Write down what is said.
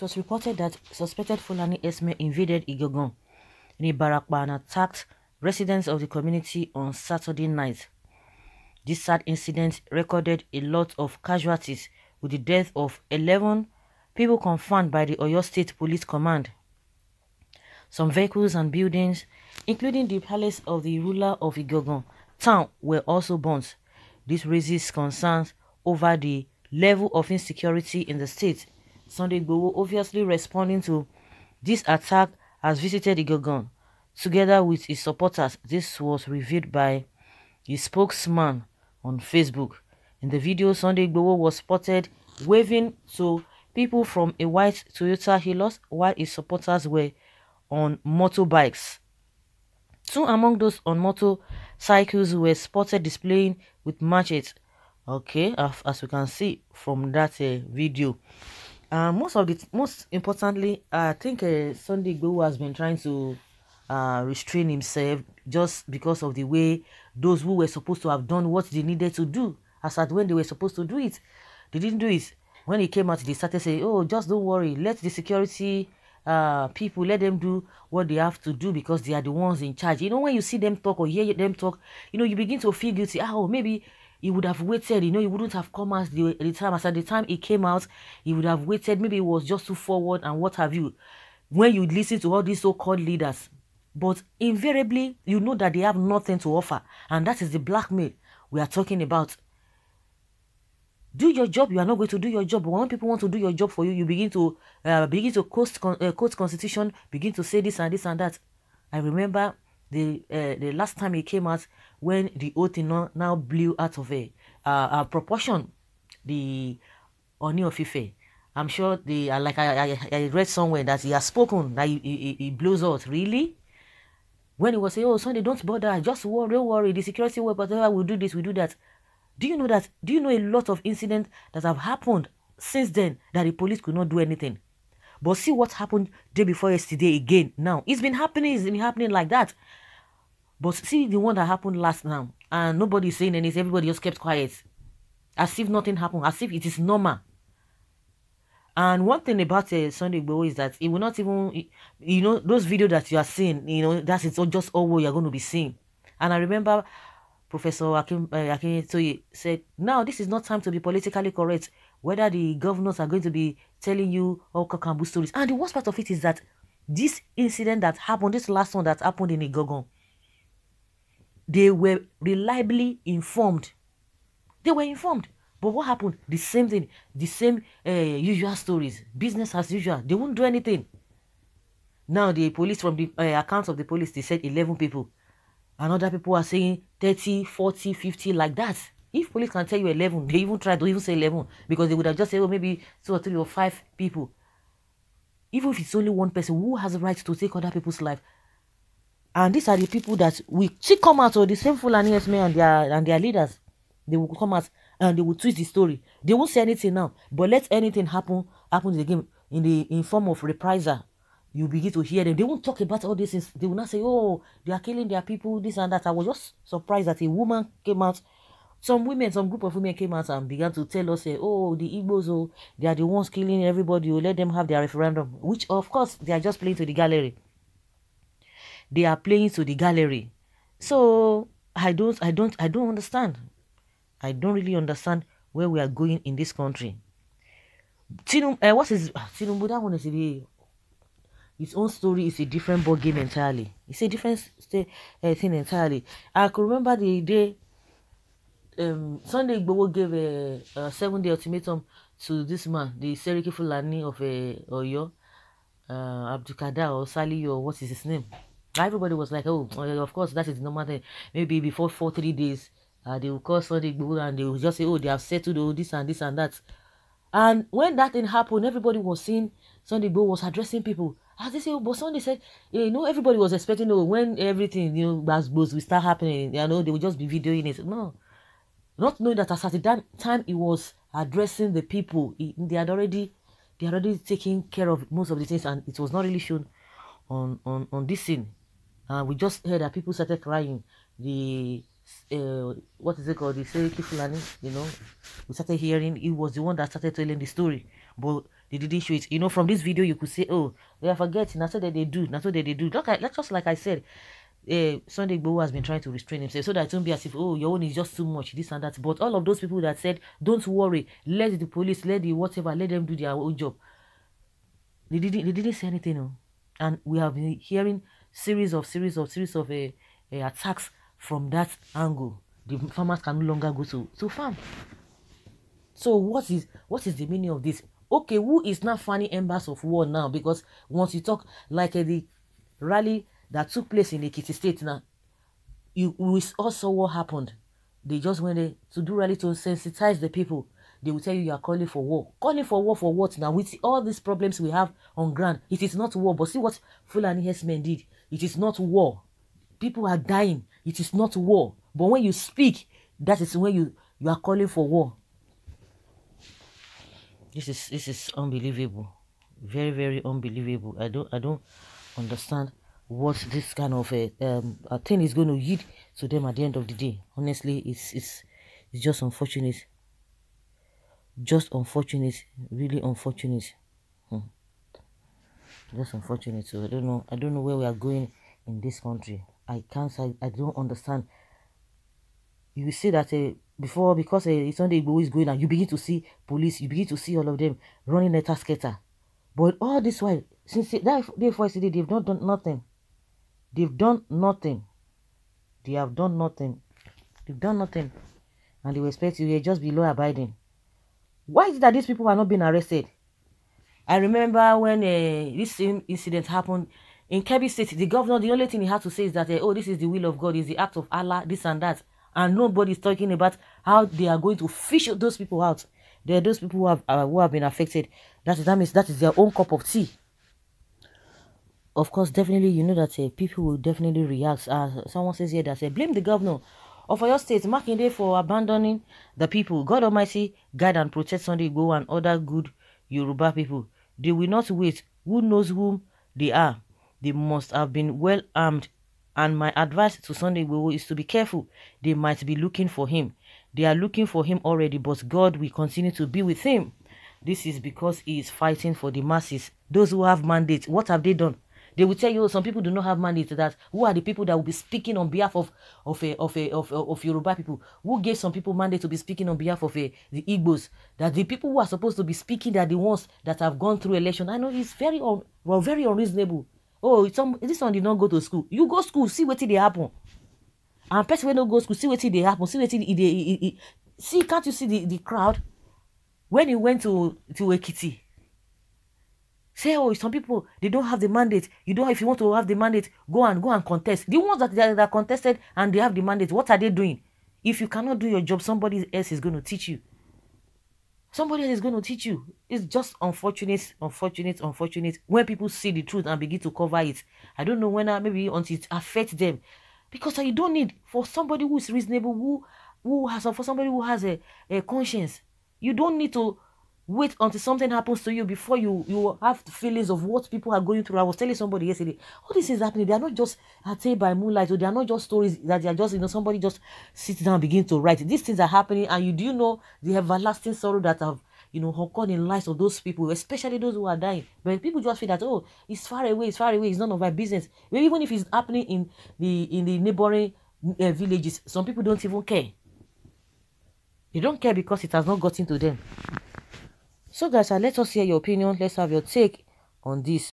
It was reported that suspected Fulani herdsmen invaded Igogon in Ibarakpa and attacked residents of the community on Saturday night. This sad incident recorded a lot of casualties with the death of 11 people confirmed by the Oyo State Police Command. Some vehicles and buildings, including the palace of the ruler of Igogon town, were also burnt. This raises concerns over the level of insecurity in the state Sunday Igboho, obviously responding to this attack, has visited Igogon. Together with his supporters, this was revealed by his spokesman on Facebook. In the video, Sunday Igboho was spotted waving to people from a white Toyota Hilux while his supporters were on motorbikes. Two among those on motorcycles were spotted displaying with matches. Okay, as, as we can see from that uh, video. Uh, most of the most importantly, I think uh, Sunday Igboho has been trying to uh, restrain himself just because of the way those who were supposed to have done what they needed to do, as at when they were supposed to do it, they didn't do it. When he came out, they started saying, "Oh, just don't worry, let the security uh, people let them do what they have to do because they are the ones in charge." You know, when you see them talk or hear them talk, you know, you begin to feel guilty. Ah, oh, maybe he would have waited, you know, he wouldn't have come as the, the time. As at the time he came out, he would have waited. Maybe it was just too forward and what have you. When you listen to all these so-called leaders, but invariably, you know that they have nothing to offer. And that is the blackmail we are talking about. Do your job. You are not going to do your job. But when people want to do your job for you, you begin to uh, begin to quote, uh, quote constitution, begin to say this and this and that. I remember the uh, the last time it came out when the whole thing now, now blew out of a, uh, a uh, proportion the Oni of Ife. I'm sure the uh, like I, I, I read somewhere that he has spoken that he, he, he blows out really. When he was saying, "Oh, Sunday, don't bother, just worry, don't worry. The security will, whatever, we do this, we do that." Do you know that? Do you know a lot of incidents that have happened since then that the police could not do anything? But see what happened day before yesterday again. Now it's been happening. It's been happening like that. But see the one that happened last now, and nobody's saying anything, everybody just kept quiet. As if nothing happened, as if it is normal. And one thing about uh, Sunday Igboho is that it will not even, you know, those videos that you are seeing, you know, that's it's just all what you're going to be seeing. And I remember Professor Akim, uh, eh, Akim Toye said, now this is not time to be politically correct, whether the governors are going to be telling you all kakambu stories. And the worst part of it is that this incident that happened, this last one that happened in Igogon, they were reliably informed. They were informed. But what happened? The same thing, the same uh, usual stories, business as usual. They won't do anything. Now the police, from the uh, accounts of the police, they said 11 people. And other people are saying 30, 40, 50, like that. If police can tell you 11, they even try to even say 11 because they would have just said, oh, maybe two or three or five people. Even if it's only one person, who has the right to take other people's life? And these are the people that will still come out, or the same Fulani men and their, and their leaders. They will come out and they will twist the story. They won't say anything now, but let anything happen, happen in the game in the in form of reprisal. You begin to hear them. They won't talk about all this. They will not say, oh, they are killing their people, this and that. I was just surprised that a woman came out some women, some group of women came out and began to tell us, oh, the Igbos, oh, they are the ones killing everybody, You oh, let them have their referendum, which, of course, they are just playing to the gallery they are playing to the gallery. So I don't I don't I don't understand. I don't really understand where we are going in this country. Tinum, uh, what is ah, Tinubu? That one is the his own story is a different ball game entirely. It's a different st- uh, eh, thing entirely. I could remember the day um, Sunday Igbowo gave a, a seven-day ultimatum to this man, the Seriki Fulani of a eh, Oyo, uh, Sally or what is his name? everybody was like, oh, oh of course, that is normal thing. Maybe before four, three days, uh, they will call Sunday and they will just say, oh, they have settled oh, this and this and that. And when that thing happened, everybody was seeing Sunday Igboho was addressing people. As they say, oh, but Sunday said, you eh, know, everybody was expecting, oh, when everything, you know, was will start happening, you know, they will just be videoing it. No. Not knowing that at that time he was addressing the people, he, they had already they had already taken care of most of the things and it was not really shown on, on, on this scene. Uh, we just heard that people started crying. The uh, what is it called? The Seriki Fulani, you know, we started hearing he was the one that started telling the story, but they didn't show it. You know, from this video, you could say, oh, they are forgetting. That's what they do. That's what they do. Look, like, just like I said, uh, Sunday Bo has been trying to restrain himself so that it won't be as if, oh, your own is just too much, this and that. But all of those people that said, don't worry, let the police, let the whatever, let them do their own job. They didn't, they didn't say anything. No. Oh. And we have been hearing series of series of series of uh, uh, attacks from that angle the farmers can no longer go to to farm so what is what is the meaning of this okay who is now fanning embers of war now because once you talk like uh, the rally that took place in ekiti state now you we all saw what happened they just went there to do rally to sensitize the people they will tell you you are calling for war calling for war for what now with all these problems we have on ground it is not war but see what fulani herdsmen did It is not war. People are dying. It is not war. But when you speak, that is when you, you are calling for war. This is this is unbelievable. Very, very unbelievable. I don't I don't understand what this kind of a, eh, um, a thing is going to yield to them at the end of the day. Honestly, it's it's it's just unfortunate. Just unfortunate, really unfortunate just unfortunate. So I don't know. I don't know where we are going in this country. I can't. I, I don't understand. You see that uh, before because uh, Sunday Igbo is going and you begin to see police. You begin to see all of them running a skater. But all this while, since that day for said they've not done nothing. They've done nothing. They have done nothing. They've done nothing. And they expect you will eh, just be law abiding. Why is it that these people are not being arrested? I remember when uh, this same incident happened in Kebbi State, the governor, the only thing he had to say is that, uh, oh, this is the will of God, is the act of Allah, this and that. And nobody's talking about how they are going to fish those people out. There are those people who have, uh, who have been affected. That, is, that means that is their own cup of tea. Of course, definitely, you know that uh, people will definitely react. Uh, someone says here that, uh, blame the governor of your State, day for abandoning the people. God Almighty, guide and protect Sunday Go and other good Yoruba people. They will not wait. Who knows whom they are? They must have been well armed. And my advice to Sunday will is to be careful. They might be looking for him. They are looking for him already, but God will continue to be with him. This is because he is fighting for the masses. Those who have mandates, what have they done? They will tell you some people do not have mandate. That who are the people that will be speaking on behalf of of a, of a, of of Yoruba people? Who gave some people mandate to be speaking on behalf of a, the Igbos? That the people who are supposed to be speaking are the ones that have gone through election. I know it's very un, well very unreasonable. Oh, some this one did not go to school. You go school, see what they happen. And person when no go school, see what they happen. See what they see. Can't you see the, the crowd when he went to to Ekiti? Say, oh, some people they don't have the mandate. You don't. If you want to have the mandate, go and go and contest. The ones that that are contested and they have the mandate, what are they doing? If you cannot do your job, somebody else is going to teach you. Somebody else is going to teach you. It's just unfortunate, unfortunate, unfortunate when people see the truth and begin to cover it. I don't know when, uh, maybe until it affects them, because uh, you don't need for somebody who is reasonable, who who has for somebody who has a, a conscience. You don't need to wait until something happens to you before you you have feelings of what people are going through. I was telling somebody yesterday, all this is happening. They are not just attained by moonlight, or they are not just stories that they are just you know somebody just sits down and begin to write. These things are happening, and you do know the everlasting sorrow that have you know occurred in lives of those people, especially those who are dying. But people just feel that oh, it's far away, it's far away, it's none of my business. Even if it's happening in the in the neighboring uh, villages, some people don't even care. They don't care because it has not gotten to them. So guys, uh, let us hear your opinion. Let's have your take on this.